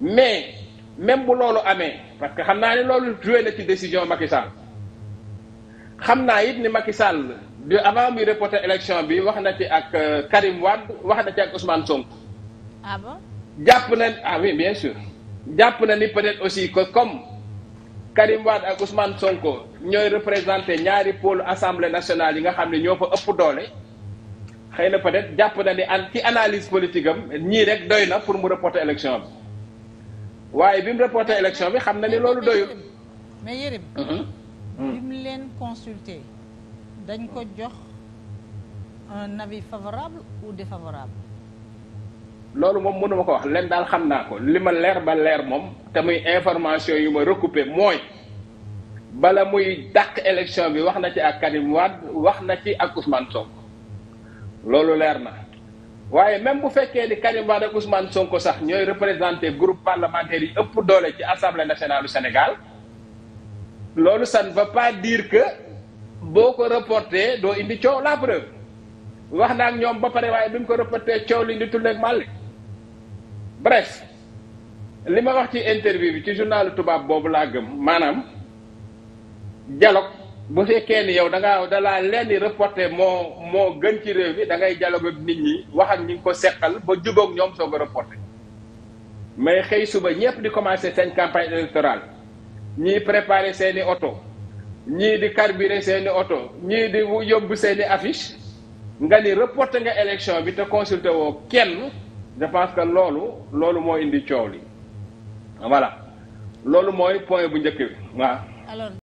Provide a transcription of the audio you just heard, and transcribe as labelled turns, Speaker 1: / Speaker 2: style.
Speaker 1: mais même bu loolu amee parce que xam naa ne loolu joué na ci décision Macky Sall xam naa it ni Macky Sall du avant muy reporter élection bi wax na ci ak euh, Karim Wade wax na ci ak Ousmane Sonko.
Speaker 2: ah bon
Speaker 1: jàpp na ah oui bien sûr jàpp na ni peut-être aussi que comme Karim Wade ak Ousmane Sonko ñooy représenté ñaari pôle assemblée nationale yi nga xam ne ñoo fa ëpp doole. xëy na peut-être jàpp na ni an ci analyse politique ñii rek doy na pour mu reporter élection bi. waaye bi mu reporté élection bi xam na ni loolu doyul. mais Yérim uh-huh. hmm. bi
Speaker 2: mu leen consulter dañ ko jox un avis favorable ou défavorable.
Speaker 1: loolu moom mënuma ko wax leen daal xam naa ko li ma leer ba leer moom te muy information yu ma recoupé mooy bala muy dàq élection bi wax na ci ak Karim Wade wax na ci ak Ousmane Sonko loolu leer na. waaye même bu fekkee ni Karim Wade ak Ousmane Sonko sax ñooy représenté groupe parlementaire yi ëpp doole ci assemblée nationale du Sénégal loolu sax ne veut pas dire que boo ko reporté doo indi coow la preuve wax naa ak ñoom ba pare waaye bi mu ko reporté coow li indi tulleeg màlle bref li ma wax ci interview bi ci journalu tubaab boobu laa gëm maanaam dialogue bu fekkee ni yow danga ngaa da laa lenn reporté moo moo gën ci réew bi da ngay dialogue ak nit ñi wax ak ñi nga ko seqal ba jubóog ñoom soo a reporté mais xëy suba ñëpp di commencé seen campagne électorale ñii préparé seeni oto ñii di carburé seeni oto ñii di yóbbu seeni affiche nga ni reporté nga élection bi te consulté woo kenn je pense que loolu loolu moo indi coow li voilà loolu mooy point bu njëkk bi
Speaker 2: waaw.